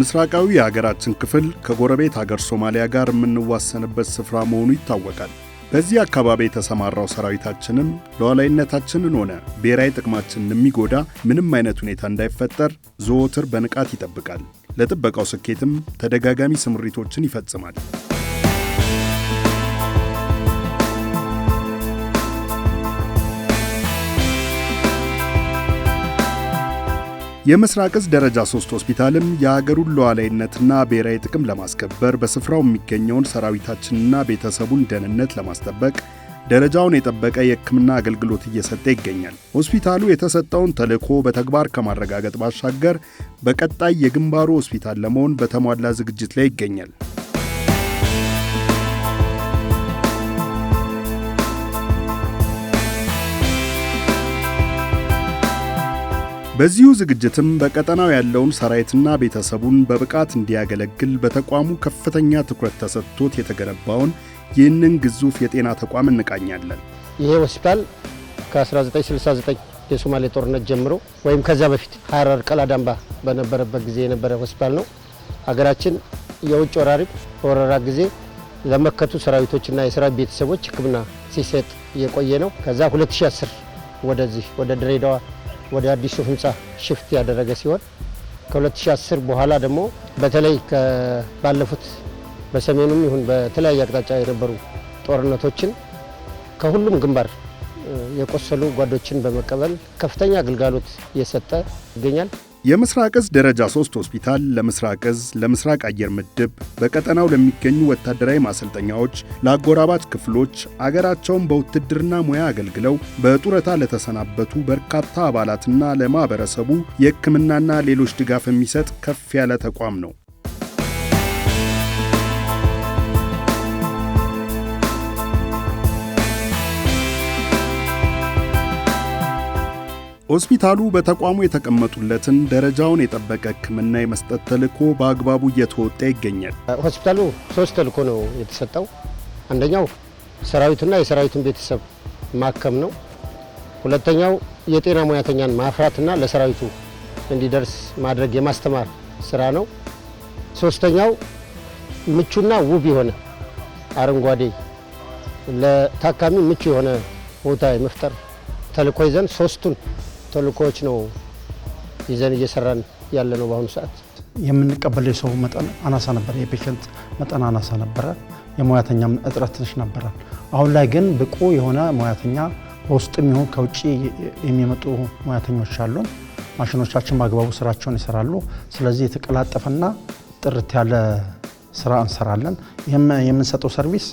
ምስራቃዊ የሀገራችን ክፍል ከጎረቤት ሀገር ሶማሊያ ጋር የምንዋሰንበት ስፍራ መሆኑ ይታወቃል። በዚህ አካባቢ የተሰማራው ሰራዊታችንም ሉዓላዊነታችንን ሆነ ብሔራዊ ጥቅማችንን የሚጎዳ ምንም አይነት ሁኔታ እንዳይፈጠር ዘወትር በንቃት ይጠብቃል። ለጥበቃው ስኬትም ተደጋጋሚ ስምሪቶችን ይፈጽማል። የምስራቅ እዝ ደረጃ ሶስት ሆስፒታልም የሀገሩን ሉዓላዊነትና ብሔራዊ ጥቅም ለማስከበር በስፍራው የሚገኘውን ሰራዊታችንና ቤተሰቡን ደህንነት ለማስጠበቅ ደረጃውን የጠበቀ የሕክምና አገልግሎት እየሰጠ ይገኛል። ሆስፒታሉ የተሰጠውን ተልዕኮ በተግባር ከማረጋገጥ ባሻገር በቀጣይ የግንባሩ ሆስፒታል ለመሆን በተሟላ ዝግጅት ላይ ይገኛል። በዚሁ ዝግጅትም በቀጠናው ያለውን ሰራዊትና ቤተሰቡን በብቃት እንዲያገለግል በተቋሙ ከፍተኛ ትኩረት ተሰጥቶት የተገነባውን ይህንን ግዙፍ የጤና ተቋም እንቃኛለን። ይሄ ሆስፒታል ከ1969 የሶማሌ ጦርነት ጀምሮ ወይም ከዚያ በፊት ሀረር ቀላዳምባ በነበረበት ጊዜ የነበረ ሆስፒታል ነው። ሀገራችን የውጭ ወራሪ በወረራ ጊዜ ለመከቱ ሰራዊቶችና የሰራዊት ቤተሰቦች ሕክምና ሲሰጥ የቆየ ነው። ከዛ 2010 ወደዚህ ወደ ድሬዳዋ ወደ አዲሱ ህንፃ ሽፍት ያደረገ ሲሆን ከ2010 በኋላ ደግሞ በተለይ ባለፉት በሰሜኑም ይሁን በተለያየ አቅጣጫ የነበሩ ጦርነቶችን ከሁሉም ግንባር የቆሰሉ ጓዶችን በመቀበል ከፍተኛ አገልግሎት እየሰጠ ይገኛል። የምስራቅ እዝ ደረጃ 3 ሆስፒታል ለምስራቅ እዝ፣ ለምስራቅ አየር ምድብ፣ በቀጠናው ለሚገኙ ወታደራዊ ማሰልጠኛዎች፣ ለአጎራባች ክፍሎች አገራቸውን በውትድርና ሙያ አገልግለው በጡረታ ለተሰናበቱ በርካታ አባላትና ለማህበረሰቡ የሕክምናና ሌሎች ድጋፍ የሚሰጥ ከፍ ያለ ተቋም ነው። ሆስፒታሉ በተቋሙ የተቀመጡለትን ደረጃውን የጠበቀ ሕክምና የመስጠት ተልዕኮ በአግባቡ እየተወጣ ይገኛል። ሆስፒታሉ ሶስት ተልዕኮ ነው የተሰጠው። አንደኛው ሰራዊቱና የሰራዊቱን ቤተሰብ ማከም ነው። ሁለተኛው የጤና ሙያተኛን ማፍራትና ለሰራዊቱ እንዲደርስ ማድረግ የማስተማር ስራ ነው። ሶስተኛው ምቹና ውብ የሆነ አረንጓዴ ለታካሚ ምቹ የሆነ ቦታ የመፍጠር ተልዕኮ ይዘን ሶስቱን ተልእኮዎች ነው ይዘን እየሰራን ያለ ነው። በአሁኑ ሰዓት የምንቀበለው የሰው መጠን አናሳ ነበረ፣ የፔሸንት መጠን አናሳ ነበረ፣ የሙያተኛ እጥረት ትንሽ ነበረ። አሁን ላይ ግን ብቁ የሆነ ሙያተኛ በውስጥ የሚሆን ከውጭ የሚመጡ ሙያተኞች አሉን። ማሽኖቻችን በአግባቡ ስራቸውን ይሰራሉ። ስለዚህ የተቀላጠፈና ጥርት ያለ ስራ እንሰራለን። ይህም የምንሰጠው ሰርቪስ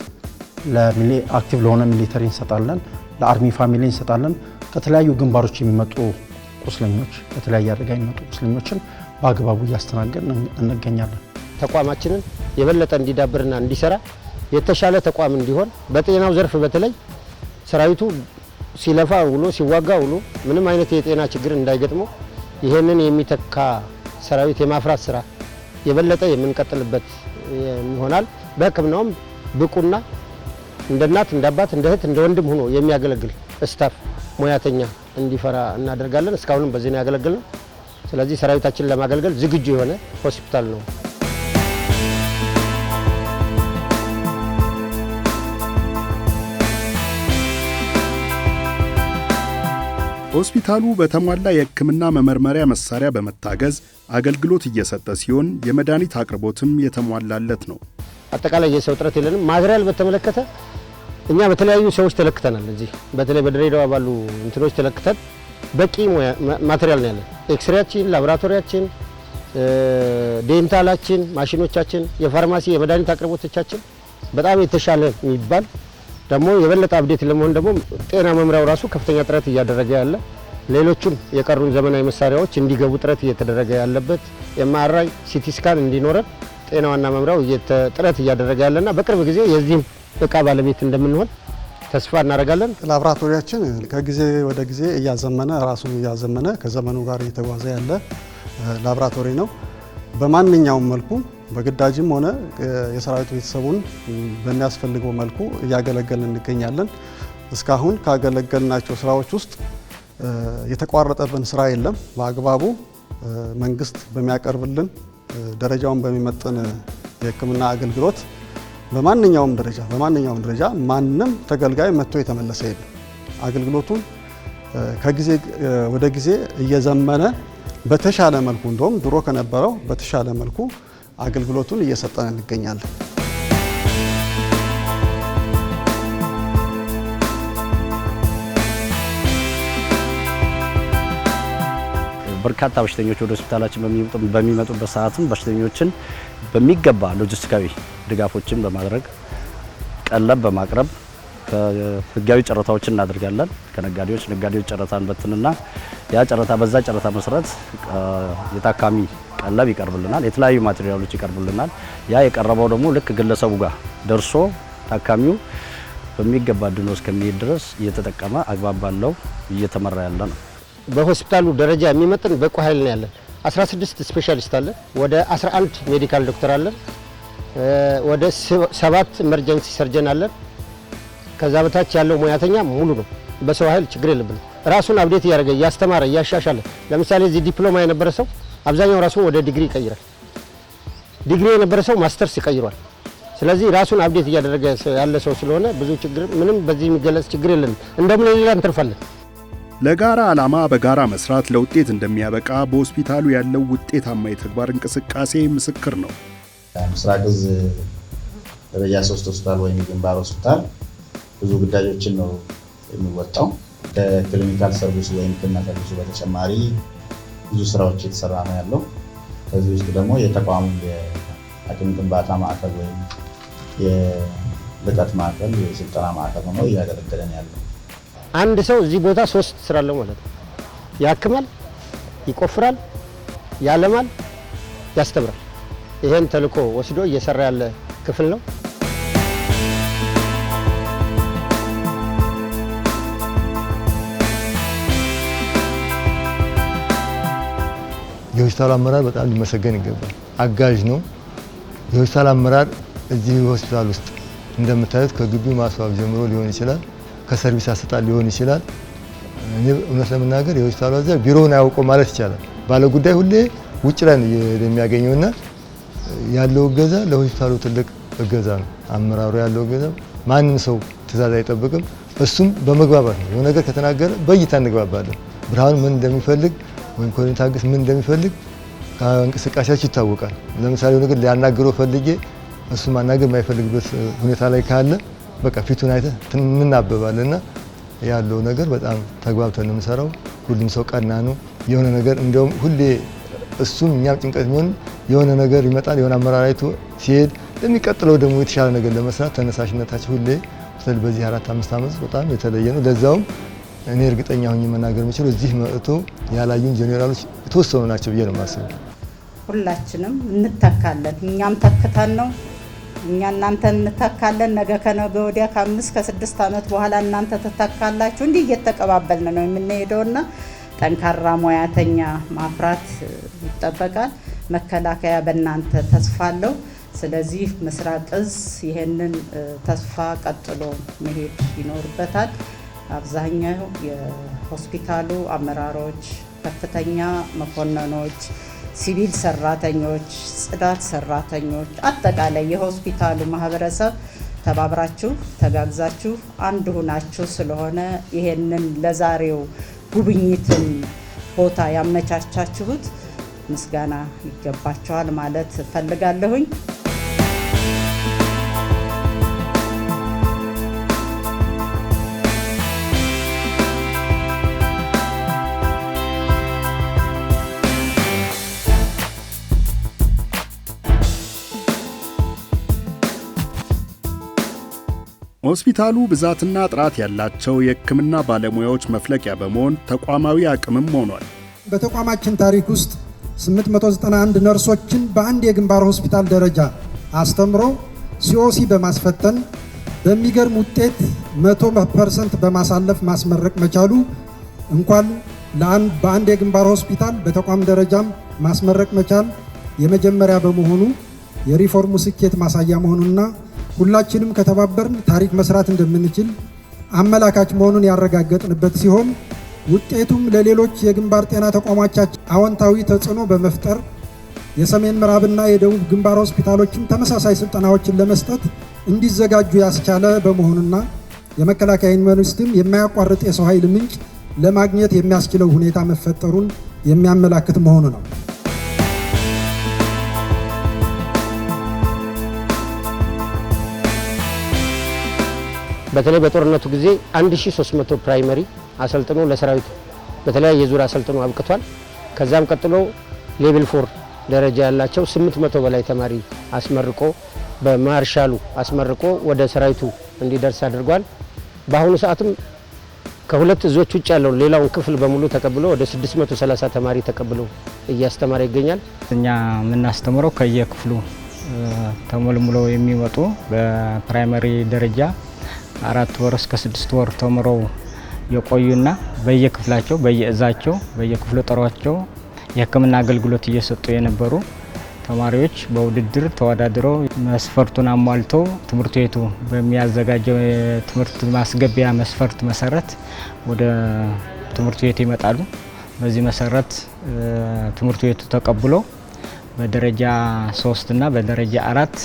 ለአክቲቭ ለሆነ ሚሊተሪ እንሰጣለን፣ ለአርሚ ፋሚሊ እንሰጣለን። ከተለያዩ ግንባሮች የሚመጡ ቁስለኞች ከተለያየ አደጋ የሚመጡ ቁስለኞችን በአግባቡ እያስተናገድ እንገኛለን። ተቋማችንን የበለጠ እንዲዳብርና እንዲሰራ የተሻለ ተቋም እንዲሆን በጤናው ዘርፍ በተለይ ሰራዊቱ ሲለፋ ውሎ ሲዋጋ ውሎ ምንም አይነት የጤና ችግር እንዳይገጥመው ይህንን የሚተካ ሰራዊት የማፍራት ስራ የበለጠ የምንቀጥልበት ይሆናል። በሕክምናውም ብቁና እንደ እናት እንደ አባት እንደ እህት እንደ ወንድም ሆኖ የሚያገለግል ስታፍ ሙያተኛ እንዲፈራ እናደርጋለን። እስካሁንም በዚህ ነው ያገለገልነው። ስለዚህ ሰራዊታችንን ለማገልገል ዝግጁ የሆነ ሆስፒታል ነው። ሆስፒታሉ በተሟላ የሕክምና መመርመሪያ መሳሪያ በመታገዝ አገልግሎት እየሰጠ ሲሆን የመድኃኒት አቅርቦትም የተሟላለት ነው። አጠቃላይ የሰው እጥረት የለንም። ማቴሪያል በተመለከተ እኛ በተለያዩ ሰዎች ተለክተናል። እዚህ በተለይ በድሬዳዋ ባሉ እንትኖች ተለክተን በቂ ማቴሪያል ነው ያለን። ኤክስሬያችን፣ ላቦራቶሪያችን፣ ዴንታላችን፣ ማሽኖቻችን፣ የፋርማሲ የመድኃኒት አቅርቦቶቻችን በጣም የተሻለ የሚባል ደግሞ የበለጠ አብዴት ለመሆን ደግሞ ጤና መምሪያው ራሱ ከፍተኛ ጥረት እያደረገ ያለ ሌሎቹም የቀሩን ዘመናዊ መሳሪያዎች እንዲገቡ ጥረት እየተደረገ ያለበት የማራይ ሲቲ ስካን እንዲኖረን ጤና ዋና መምሪያው ጥረት እያደረገ ያለና በቅርብ ጊዜ የዚህም እቃ ባለቤት እንደምንሆን ተስፋ እናደርጋለን። ላብራቶሪያችን ከጊዜ ወደ ጊዜ እያዘመነ ራሱን እያዘመነ ከዘመኑ ጋር እየተጓዘ ያለ ላብራቶሪ ነው። በማንኛውም መልኩ በግዳጅም ሆነ የሰራዊት ቤተሰቡን በሚያስፈልገው መልኩ እያገለገልን እንገኛለን። እስካሁን ካገለገልናቸው ስራዎች ውስጥ የተቋረጠብን ስራ የለም። በአግባቡ መንግስት በሚያቀርብልን ደረጃውን በሚመጥን የሕክምና አገልግሎት በማንኛውም ደረጃ በማንኛውም ደረጃ ማንም ተገልጋይ መጥቶ የተመለሰ የለም። አገልግሎቱ ከጊዜ ወደ ጊዜ እየዘመነ በተሻለ መልኩ እንደውም ድሮ ከነበረው በተሻለ መልኩ አገልግሎቱን እየሰጠን እንገኛለን። በርካታ በሽተኞች ወደ ሆስፒታላችን በሚመጡበት ሰዓትም በሽተኞችን በሚገባ ሎጂስቲካዊ ድጋፎችን በማድረግ ቀለብ በማቅረብ ህጋዊ ጨረታዎችን እናደርጋለን። ከነጋዴዎች ነጋዴዎች ጨረታ በትንና ያ ጨረታ በዛ ጨረታ መሰረት የታካሚ ቀለብ ይቀርብልናል፣ የተለያዩ ማቴሪያሎች ይቀርብልናል። ያ የቀረበው ደግሞ ልክ ግለሰቡ ጋር ደርሶ ታካሚው በሚገባ ድኖ እስከሚሄድ ድረስ እየተጠቀመ አግባብ ባለው እየተመራ ያለ ነው። በሆስፒታሉ ደረጃ የሚመጥን በቁ ኃይል ነው ያለን። 16 ስፔሻሊስት አለን። ወደ 11 ሜዲካል ዶክተር አለን። ወደ ሰባት ኢመርጀንሲ ሰርጀን አለን። ከዛ በታች ያለው ሙያተኛ ሙሉ ነው። በሰው ኃይል ችግር የለብንም። ራሱን አብዴት እያደረገ እያስተማረ እያሻሻለ፣ ለምሳሌ እዚህ ዲፕሎማ የነበረ ሰው አብዛኛው ራሱን ወደ ዲግሪ ይቀይራል። ዲግሪ የነበረ ሰው ማስተርስ ይቀይሯል። ስለዚህ ራሱን አብዴት እያደረገ ያለ ሰው ስለሆነ ብዙ ችግር ምንም በዚህ የሚገለጽ ችግር የለንም። እንደምን ሌላ እንትርፋለን። ለጋራ ዓላማ በጋራ መስራት ለውጤት እንደሚያበቃ በሆስፒታሉ ያለው ውጤታማ የተግባር እንቅስቃሴ ምስክር ነው። ምስራቅ እዝ ደረጃ ሶስት ሆስፒታል ወይም ግንባር ሆስፒታል ብዙ ግዳጆችን ነው የሚወጣው። ከክሊኒካል ሰርቪሱ ወይም ክና ሰርቪሱ በተጨማሪ ብዙ ስራዎች የተሰራ ነው ያለው። ከዚህ ውስጥ ደግሞ የተቋሙ የአቅም ግንባታ ማዕከል ወይም የልቀት ማዕከል የስልጠና ማዕከል ሆኖ እያገለገለን ያለው። አንድ ሰው እዚህ ቦታ ሶስት ስራ አለው ማለት ነው። ያክማል፣ ይቆፍራል፣ ያለማል፣ ያስተምራል። ይሄን ተልእኮ ወስዶ እየሰራ ያለ ክፍል ነው። የሆስፒታሉ አመራር በጣም ሊመሰገን ይገባል። አጋዥ ነው። የሆስፒታል አመራር እዚህ ሆስፒታል ውስጥ እንደምታዩት ከግቢው ማስዋብ ጀምሮ ሊሆን ይችላል ከሰርቪስ አሰጣጥ ሊሆን ይችላል። እውነት ለመናገር የሆስፒታሉ አዛዥ ቢሮውን አያውቀው ማለት ይቻላል። ባለ ጉዳይ ሁሌ ውጭ ላይ የሚያገኘውና ያለው እገዛ ለሆስፒታሉ ትልቅ እገዛ ነው። አመራሩ ያለው እገዛ ማንም ሰው ትእዛዝ አይጠብቅም። እሱም በመግባባት ነው። የሆነ ነገር ከተናገረ በእይታ እንግባባለን። ብርሃኑ ምን እንደሚፈልግ ወይም ኮሎኔል ታገሰ ምን እንደሚፈልግ ከእንቅስቃሴያቸው ይታወቃል። ለምሳሌ ነገር ሊያናግረው ፈልጌ እሱ ማናገር የማይፈልግበት ሁኔታ ላይ ካለ በቃ ፊቱን አይተህ ትምናበባልና ያለው ነገር በጣም ተግባብተን ነው የምንሰራው። ሁሉም ሰው ቀና ነው። የሆነ ነገር እንዲያውም ሁሌ እሱም እኛም ጭንቀት ቢሆን የሆነ ነገር ይመጣል። የሆነ አመራር አይቶ ሲሄድ ለሚቀጥለው ደግሞ የተሻለ ነገር ለመስራት ተነሳሽነታቸው ሁሌ ስለ በዚህ አራት አምስት ዓመት በጣም የተለየ ነው። ለዛውም እኔ እርግጠኛ ሆኜ መናገር የምችለው እዚህ መጥቶ ያላዩን ጄኔራሎች የተወሰኑ ናቸው ብዬ ነው የማስበው። ሁላችንም እንተካለን። እኛም ተክተን ነው እኛ እናንተ እንተካለን። ነገ ከነገ ወዲያ ከአምስት ከስድስት ዓመት በኋላ እናንተ ትተካላችሁ። እንዲህ እየተቀባበልን ነው የምንሄደውና ጠንካራ ሙያተኛ ማፍራት ይጠበቃል። መከላከያ በእናንተ ተስፋ አለው። ስለዚህ ምስራቅ እዝ ይህንን ተስፋ ቀጥሎ መሄድ ይኖርበታል። አብዛኛው የሆስፒታሉ አመራሮች፣ ከፍተኛ መኮንኖች ሲቪል ሰራተኞች፣ ጽዳት ሰራተኞች፣ አጠቃላይ የሆስፒታሉ ማህበረሰብ ተባብራችሁ ተጋግዛችሁ አንድ ሁናችሁ ስለሆነ ይሄንን ለዛሬው ጉብኝትን ቦታ ያመቻቻችሁት ምስጋና ይገባችኋል ማለት እፈልጋለሁኝ። ሆስፒታሉ ብዛትና ጥራት ያላቸው የሕክምና ባለሙያዎች መፍለቂያ በመሆን ተቋማዊ አቅምም ሆኗል። በተቋማችን ታሪክ ውስጥ 891 ነርሶችን በአንድ የግንባር ሆስፒታል ደረጃ አስተምሮ ሲኦሲ በማስፈተን በሚገርም ውጤት 100 ፐርሰንት በማሳለፍ ማስመረቅ መቻሉ እንኳን በአንድ የግንባር ሆስፒታል በተቋም ደረጃም ማስመረቅ መቻል የመጀመሪያ በመሆኑ የሪፎርሙ ስኬት ማሳያ መሆኑና ሁላችንም ከተባበርን ታሪክ መስራት እንደምንችል አመላካች መሆኑን ያረጋገጥንበት ሲሆን ውጤቱም ለሌሎች የግንባር ጤና ተቋሞቻችን አዎንታዊ ተጽዕኖ በመፍጠር የሰሜን ምዕራብና የደቡብ ግንባር ሆስፒታሎችም ተመሳሳይ ስልጠናዎችን ለመስጠት እንዲዘጋጁ ያስቻለ በመሆኑና የመከላከያ ዩኒቨርሲቲም የማያቋርጥ የሰው ኃይል ምንጭ ለማግኘት የሚያስችለው ሁኔታ መፈጠሩን የሚያመላክት መሆኑ ነው። በተለይ በጦርነቱ ጊዜ 1300 ፕራይመሪ አሰልጥኖ ለሰራዊቱ በተለያየ ዙር አሰልጥኖ አብቅቷል። ከዛም ቀጥሎ ሌቭል ፎር ደረጃ ያላቸው 800 በላይ ተማሪ አስመርቆ በማርሻሉ አስመርቆ ወደ ሰራዊቱ እንዲደርስ አድርጓል። በአሁኑ ሰዓትም ከሁለት እዞች ውጭ ያለውን ሌላውን ክፍል በሙሉ ተቀብሎ ወደ 630 ተማሪ ተቀብሎ እያስተማረ ይገኛል። እኛ የምናስተምረው ከየክፍሉ ተሞልሙሎ የሚመጡ በፕራይመሪ ደረጃ አራት ወር እስከ ስድስት ወር ተምረው የቆዩና በየክፍላቸው በየእዛቸው በየክፍለ ጦራቸው የሕክምና አገልግሎት እየሰጡ የነበሩ ተማሪዎች በውድድር ተወዳድረው መስፈርቱን አሟልተው ትምህርት ቤቱ በሚያዘጋጀው የትምህርት ማስገቢያ መስፈርት መሰረት ወደ ትምህርት ቤቱ ይመጣሉ። በዚህ መሰረት ትምህርት ቤቱ ተቀብሎ በደረጃ ሶስት እና በደረጃ አራት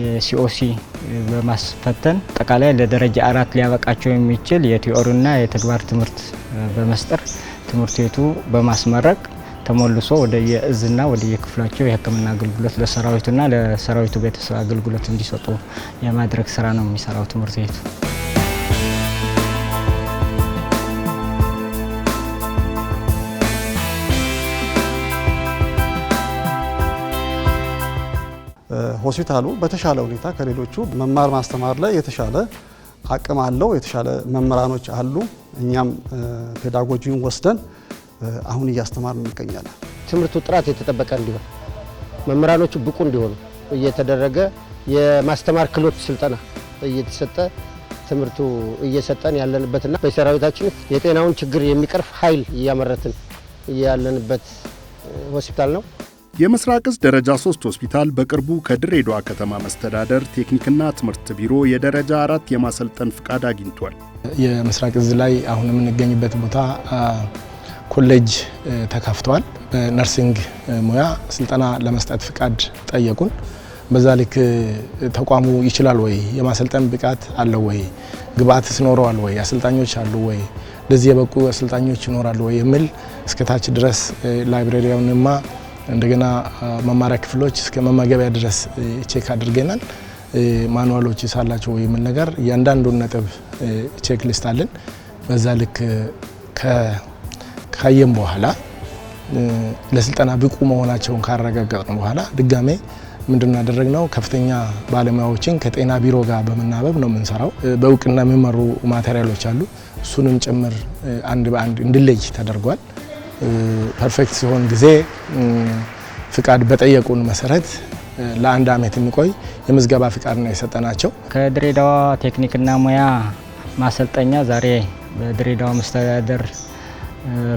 የሲኦሲ በማስፈተን አጠቃላይ ለደረጃ አራት ሊያበቃቸው የሚችል የቲዎሪና የተግባር ትምህርት በመስጠር ትምህርት ቤቱ በማስመረቅ ተሞልሶ ወደ የእዝና ወደ የክፍላቸው የሕክምና አገልግሎት ለሰራዊቱና ለሰራዊቱ ቤተሰብ አገልግሎት እንዲሰጡ የማድረግ ስራ ነው የሚሰራው ትምህርት ቤቱ። ሆስፒታሉ በተሻለ ሁኔታ ከሌሎቹ መማር ማስተማር ላይ የተሻለ አቅም አለው። የተሻለ መምህራኖች አሉ። እኛም ፔዳጎጂውን ወስደን አሁን እያስተማርን እንገኛለን። ትምህርቱ ጥራት የተጠበቀ እንዲሆን መምህራኖቹ ብቁ እንዲሆኑ እየተደረገ የማስተማር ክህሎት ስልጠና እየተሰጠ ትምህርቱ እየሰጠን ያለንበትና በሰራዊታችን የጤናውን ችግር የሚቀርፍ ኃይል እያመረትን ያለንበት ሆስፒታል ነው። የምስራቅ እዝ ደረጃ 3 ሆስፒታል በቅርቡ ከድሬዳዋ ከተማ መስተዳደር ቴክኒክና ትምህርት ቢሮ የደረጃ አራት የማሰልጠን ፍቃድ አግኝቷል። የምስራቅ እዝ ላይ አሁን የምንገኝበት ቦታ ኮሌጅ ተከፍቷል። በነርሲንግ ሙያ ስልጠና ለመስጠት ፍቃድ ጠየቁን። በዛ ልክ ተቋሙ ይችላል ወይ? የማሰልጠን ብቃት አለው ወይ? ግብአትስ ኖረዋል ወይ? አሰልጣኞች አሉ ወይ? ለዚህ የበቁ አሰልጣኞች ይኖራሉ ወይ? የሚል እስከታች ድረስ ላይብረሪያውንማ እንደገና መማሪያ ክፍሎች እስከ መመገቢያ ድረስ ቼክ አድርገናል። ማኑዋሎች ሳላቸው የምን ነገር እያንዳንዱን ነጥብ ቼክ ሊስት አለን። በዛ ልክ ካየም በኋላ ለስልጠና ብቁ መሆናቸውን ካረጋገጥን በኋላ ድጋሜ ምንድን ነው ከፍተኛ ባለሙያዎችን ከጤና ቢሮ ጋር በመናበብ ነው የምንሰራው። በእውቅና የሚመሩ ማቴሪያሎች አሉ። እሱንም ጭምር አንድ በአንድ እንድለይ ተደርጓል። ፐርፌክት ሲሆን ጊዜ ፍቃድ በጠየቁን መሰረት ለአንድ ዓመት የሚቆይ የምዝገባ ፍቃድ ነው የሰጠናቸው። ከድሬዳዋ ቴክኒክና ሙያ ማሰልጠኛ ዛሬ በድሬዳዋ መስተዳደር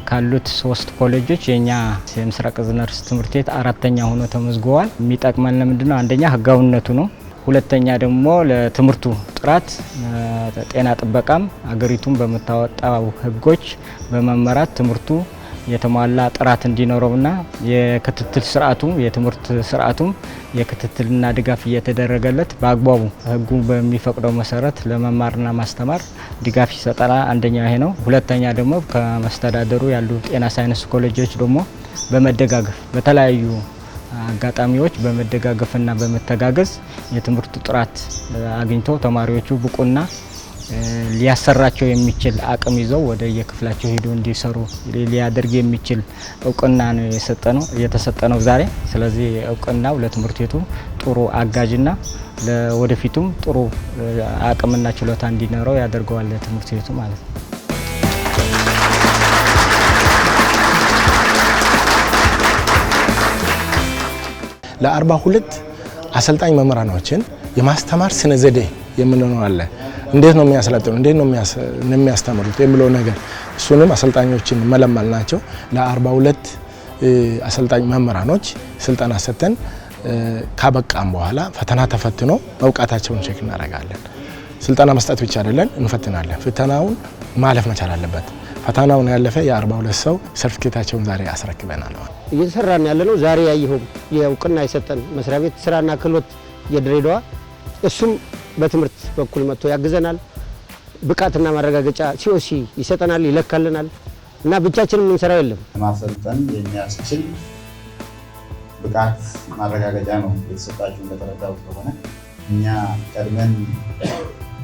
ካሉት ሶስት ኮሌጆች የኛ የምስራቅ እዝ ነርስ ትምህርት ቤት አራተኛ ሆኖ ተመዝግቧል። የሚጠቅመን ለምንድን ነው? አንደኛ ህጋዊነቱ ነው። ሁለተኛ ደግሞ ለትምህርቱ ጥራት ጤና ጥበቃም አገሪቱን በምታወጣው ህጎች በመመራት ትምህርቱ የተሟላ ጥራት እንዲኖረውና የክትትል ስርዓቱ የትምህርት ስርዓቱም የክትትልና ድጋፍ እየተደረገለት በአግባቡ ህጉ በሚፈቅደው መሰረት ለመማርና ማስተማር ድጋፍ ይሰጠና አንደኛ ይሄ ነው። ሁለተኛ ደግሞ ከመስተዳደሩ ያሉ ጤና ሳይንስ ኮሌጆች ደግሞ በመደጋገፍ በተለያዩ አጋጣሚዎች በመደጋገፍና በመተጋገዝ የትምህርቱ ጥራት አግኝቶ ተማሪዎቹ ብቁና ሊያሰራቸው የሚችል አቅም ይዘው ወደ የክፍላቸው ሄደው እንዲሰሩ ሊያደርግ የሚችል እውቅና ነው የተሰጠ ነው ዛሬ። ስለዚህ እውቅናው ለትምህርት ቤቱ ጥሩ አጋዥና ለወደፊቱም ጥሩ አቅምና ችሎታ እንዲኖረው ያደርገዋል ለትምህርት ቤቱ ማለት ነው። ለአርባ ሁለት አሰልጣኝ መምህራኖችን የማስተማር ስነ ዘዴ የምንለው አለ። እንዴት ነው የሚያሰለጥኑ እንዴት ነው የሚያስተምሩት የሚለው ነገር እሱንም አሰልጣኞችን መለመል ናቸው። ለአርባ ሁለት አሰልጣኝ መምህራኖች ስልጠና ሰጥተን ካበቃም በኋላ ፈተና ተፈትኖ መብቃታቸውን ቼክ እናደርጋለን። ስልጠና መስጠት ብቻ አይደለን፣ እንፈትናለን። ፈተናውን ማለፍ መቻል አለበት። ፈተናውን ያለፈ የአርባ ሁለት ሰው ሰርቲፊኬታቸውን ዛሬ አስረክበናል። እየተሰራን ያለ ነው። ዛሬ ያየኸው የእውቅና የሰጠን መስሪያ ቤት ስራና ክህሎት የድሬዳዋ እሱም በትምህርት በኩል መጥቶ ያግዘናል። ብቃትና ማረጋገጫ ሲኦሲ ይሰጠናል፣ ይለካልናል እና ብቻችን የምንሰራው የለም። ማሰልጠን የሚያስችል ብቃት ማረጋገጫ ነው የተሰጣችሁ። እንደተረዳሁት ከሆነ እኛ ቀድመን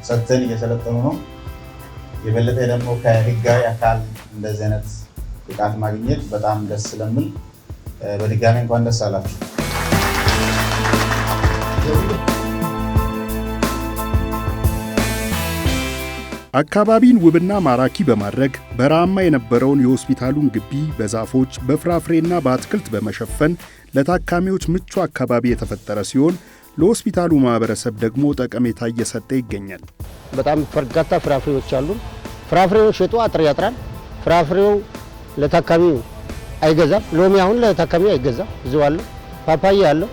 ሰጥተን እየሰለጠኑ ነው። የበለጠ ደግሞ ከህጋዊ አካል እንደዚህ አይነት ብቃት ማግኘት በጣም ደስ ስለምል በድጋሚ እንኳን ደስ አላችሁ። አካባቢን ውብና ማራኪ በማድረግ በረሃማ የነበረውን የሆስፒታሉን ግቢ በዛፎች በፍራፍሬና በአትክልት በመሸፈን ለታካሚዎች ምቹ አካባቢ የተፈጠረ ሲሆን ለሆስፒታሉ ማህበረሰብ ደግሞ ጠቀሜታ እየሰጠ ይገኛል። በጣም በርካታ ፍራፍሬዎች አሉ። ፍራፍሬውን ሸጦ አጥር ያጥራል። ፍራፍሬው ለታካሚው አይገዛም። ሎሚ አሁን ለታካሚው አይገዛም። እዚው አለ፣ ፓፓያ አለው፣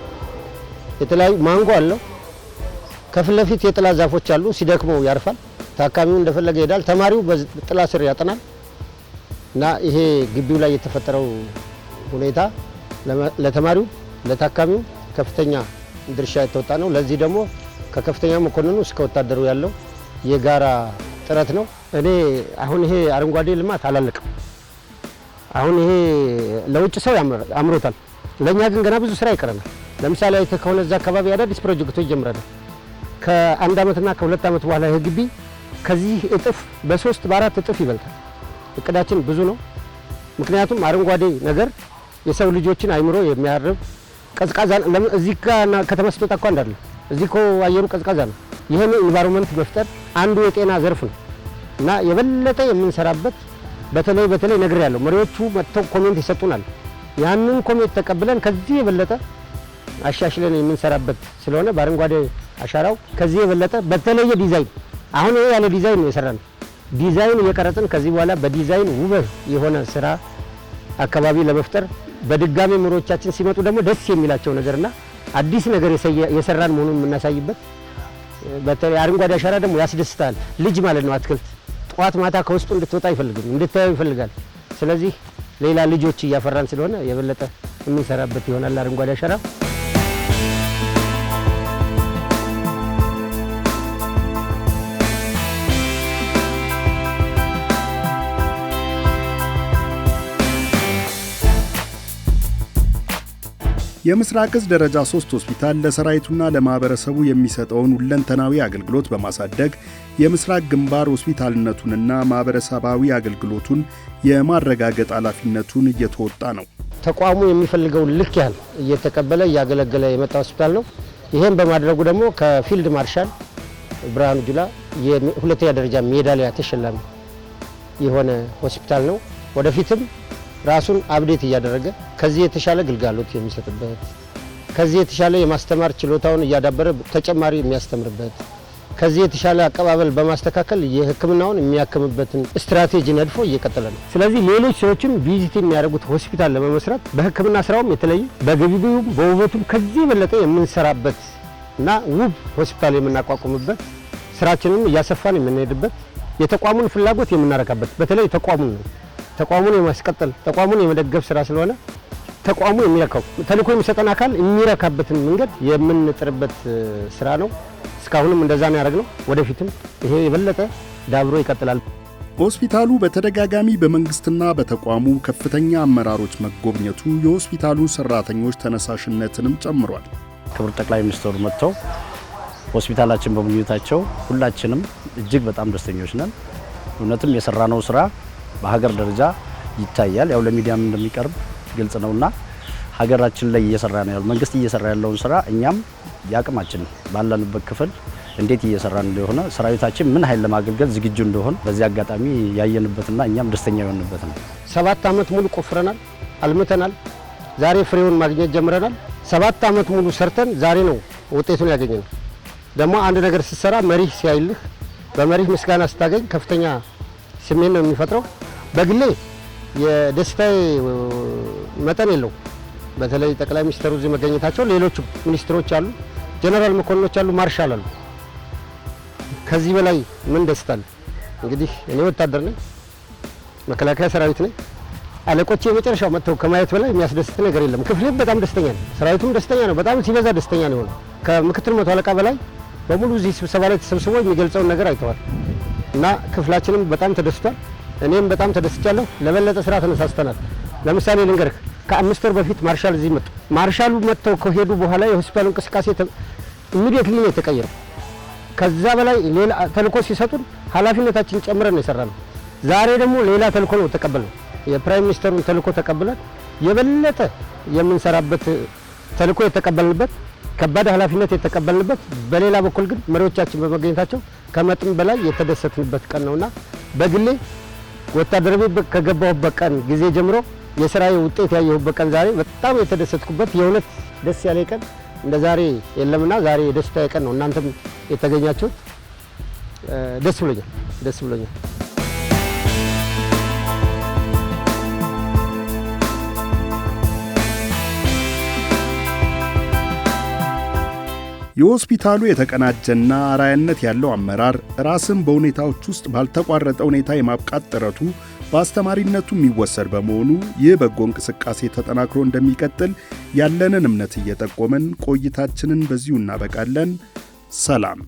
የተለያዩ ማንጎ አለው። ከፊት ለፊት የጥላ ዛፎች አሉ። ሲደክመው ያርፋል። ታካሚው እንደፈለገ ይሄዳል። ተማሪው በጥላ ስር ያጠናል እና ይሄ ግቢው ላይ የተፈጠረው ሁኔታ ለተማሪው ለታካሚው ከፍተኛ ድርሻ የተወጣ ነው። ለዚህ ደግሞ ከከፍተኛ መኮንኑ እስከ ወታደሩ ያለው የጋራ ጥረት ነው። እኔ አሁን ይሄ አረንጓዴ ልማት አላለቅም። አሁን ይሄ ለውጭ ሰው አምሮታል፣ ለእኛ ግን ገና ብዙ ስራ ይቀረናል። ለምሳሌ ከሆነ እዛ አካባቢ አዳዲስ ፕሮጀክቶች ጀምረናል። ከአንድ ዓመትና ከሁለት ዓመት በኋላ ይህ ግቢ ከዚህ እጥፍ በሶስት በአራት እጥፍ ይበልጣል። እቅዳችን ብዙ ነው። ምክንያቱም አረንጓዴ ነገር የሰው ልጆችን አይምሮ የሚያርብ ቀዝቃዛ እዚህ ጋና ከተመስጦት እኳ እንዳለ እዚህ ኮ አየሩ ቀዝቃዛ ነው። ይህን ኢንቫይሮንመንት መፍጠር አንዱ የጤና ዘርፍ ነው እና የበለጠ የምንሰራበት በተለይ በተለይ ነግር ያለው መሪዎቹ መጥተው ኮሜንት ይሰጡናል። ያንን ኮሜንት ተቀብለን ከዚህ የበለጠ አሻሽለን የምንሰራበት ስለሆነ በአረንጓዴ አሻራው ከዚህ የበለጠ በተለየ ዲዛይን አሁን ይሄ ያለ ዲዛይን ነው የሰራነው። ዲዛይን እየቀረጽን ከዚህ በኋላ በዲዛይን ውበት የሆነ ስራ አካባቢ ለመፍጠር በድጋሚ ምሮቻችን ሲመጡ ደግሞ ደስ የሚላቸው ነገርና አዲስ ነገር የሰራን መሆኑን የምናሳይበት በተለይ አረንጓዴ አሻራ ደግሞ ያስደስታል። ልጅ ማለት ነው አትክልት ጠዋት ማታ ከውስጡ እንድትወጣ አይፈልግም፣ እንድታየው ይፈልጋል። ስለዚህ ሌላ ልጆች እያፈራን ስለሆነ የበለጠ የምንሰራበት ይሆናል አረንጓዴ አሻራ የምስራቅ እዝ ደረጃ ሶስት ሆስፒታል ለሰራዊቱና ለማህበረሰቡ የሚሰጠውን ሁለንተናዊ አገልግሎት በማሳደግ የምስራቅ ግንባር ሆስፒታልነቱንና ማህበረሰባዊ አገልግሎቱን የማረጋገጥ ኃላፊነቱን እየተወጣ ነው። ተቋሙ የሚፈልገውን ልክ ያህል እየተቀበለ እያገለገለ የመጣ ሆስፒታል ነው። ይህም በማድረጉ ደግሞ ከፊልድ ማርሻል ብርሃኑ ጁላ የሁለተኛ ደረጃ ሜዳሊያ ተሸላሚ የሆነ ሆስፒታል ነው። ወደፊትም ራሱን አብዴት እያደረገ ከዚህ የተሻለ ግልጋሎት የሚሰጥበት ከዚህ የተሻለ የማስተማር ችሎታውን እያዳበረ ተጨማሪ የሚያስተምርበት ከዚህ የተሻለ አቀባበል በማስተካከል የሕክምናውን የሚያክምበትን ስትራቴጂ ነድፎ እየቀጠለ ነው። ስለዚህ ሌሎች ሰዎችም ቪዚት የሚያደርጉት ሆስፒታል ለመመስረት በሕክምና ስራውም የተለየ በግቢውም በውበቱም ከዚህ የበለጠ የምንሰራበት እና ውብ ሆስፒታል የምናቋቁምበት ስራችንም እያሰፋን የምንሄድበት የተቋሙን ፍላጎት የምናረካበት በተለይ ተቋሙን ነው ተቋሙን የማስቀጠል ተቋሙን የመደገፍ ስራ ስለሆነ ተቋሙ የሚረካው ተልእኮ የሚሰጠን አካል የሚረካበትን መንገድ የምንጥርበት ስራ ነው። እስካሁንም እንደዛ ነው ያደረግነው። ወደፊትም ይሄ የበለጠ ዳብሮ ይቀጥላል። ሆስፒታሉ በተደጋጋሚ በመንግስትና በተቋሙ ከፍተኛ አመራሮች መጎብኘቱ የሆስፒታሉ ሰራተኞች ተነሳሽነትንም ጨምሯል። ክቡር ጠቅላይ ሚኒስትሩ መጥተው ሆስፒታላችን በመጎብኘታቸው ሁላችንም እጅግ በጣም ደስተኞች ነን። እውነትም የሰራነው ስራ በሀገር ደረጃ ይታያል። ያው ለሚዲያም እንደሚቀርብ ግልጽ ነውና ሀገራችን ላይ እየሰራ ነው ያለው መንግስት እየሰራ ያለውን ስራ እኛም የአቅማችን ባለንበት ክፍል እንዴት እየሰራ እንደሆነ ሰራዊታችን ምን ኃይል ለማገልገል ዝግጁ እንደሆን በዚህ አጋጣሚ ያየንበትና እኛም ደስተኛ የሆንበት ነው። ሰባት ዓመት ሙሉ ቆፍረናል፣ አልምተናል፣ ዛሬ ፍሬውን ማግኘት ጀምረናል። ሰባት ዓመት ሙሉ ሰርተን ዛሬ ነው ውጤቱን ያገኘነው። ደግሞ አንድ ነገር ስትሰራ መሪህ ሲያይልህ፣ በመሪህ ምስጋና ስታገኝ ከፍተኛ ስሜት ነው የሚፈጥረው። በግሌ የደስታዬ መጠን የለው። በተለይ ጠቅላይ ሚኒስትሩ እዚህ መገኘታቸው፣ ሌሎች ሚኒስትሮች አሉ፣ ጀነራል መኮንኖች አሉ፣ ማርሻል አሉ። ከዚህ በላይ ምን ደስታ አለ? እንግዲህ እኔ ወታደር ነኝ፣ መከላከያ ሰራዊት ነኝ። አለቆች የመጨረሻው መጥተው ከማየት በላይ የሚያስደስት ነገር የለም። ክፍሌም በጣም ደስተኛ ነው፣ ሰራዊቱም ደስተኛ ነው። በጣም ሲበዛ ደስተኛ ነው የሆነው። ከምክትል መቶ አለቃ በላይ በሙሉ እዚህ ስብሰባ ላይ ተሰብስቦ የሚገልጸውን ነገር አይተዋል። እና ክፍላችንም በጣም ተደስቷል። እኔም በጣም ተደስቻለሁ። ለበለጠ ስራ ተነሳስተናል። ለምሳሌ ልንገርህ፣ ከአምስት ወር በፊት ማርሻል እዚህ መጡ። ማርሻሉ መጥተው ከሄዱ በኋላ የሆስፒታሉ እንቅስቃሴ ኢሚዲየት ነው የተቀየረው። ከዛ በላይ ሌላ ተልኮ ሲሰጡን ኃላፊነታችን ጨምረን ነው የሰራ ነው። ዛሬ ደግሞ ሌላ ተልኮ ነው ተቀበልነው። የፕራይም ሚኒስተሩን ተልኮ ተቀብለን የበለጠ የምንሰራበት ተልኮ የተቀበልንበት ከባድ ኃላፊነት የተቀበልንበት፣ በሌላ በኩል ግን መሪዎቻችን በመገኘታቸው ከመጥን በላይ የተደሰትንበት ቀን ነውና በግሌ ወታደር ቤት ከገባሁበት ቀን ጊዜ ጀምሮ የስራዬ ውጤት ያየሁበት ቀን ዛሬ በጣም የተደሰትኩበት የእውነት ደስ ያለ ቀን እንደ ዛሬ የለምና ዛሬ የደስታ ቀን ነው። እናንተም የተገኛችሁት ደስ ብሎኛል፣ ደስ ብሎኛል። የሆስፒታሉ የተቀናጀና አራያነት ያለው አመራር ራስን በሁኔታዎች ውስጥ ባልተቋረጠ ሁኔታ የማብቃት ጥረቱ በአስተማሪነቱ የሚወሰድ በመሆኑ ይህ በጎ እንቅስቃሴ ተጠናክሮ እንደሚቀጥል ያለንን እምነት እየጠቆመን ቆይታችንን በዚሁ እናበቃለን። ሰላም።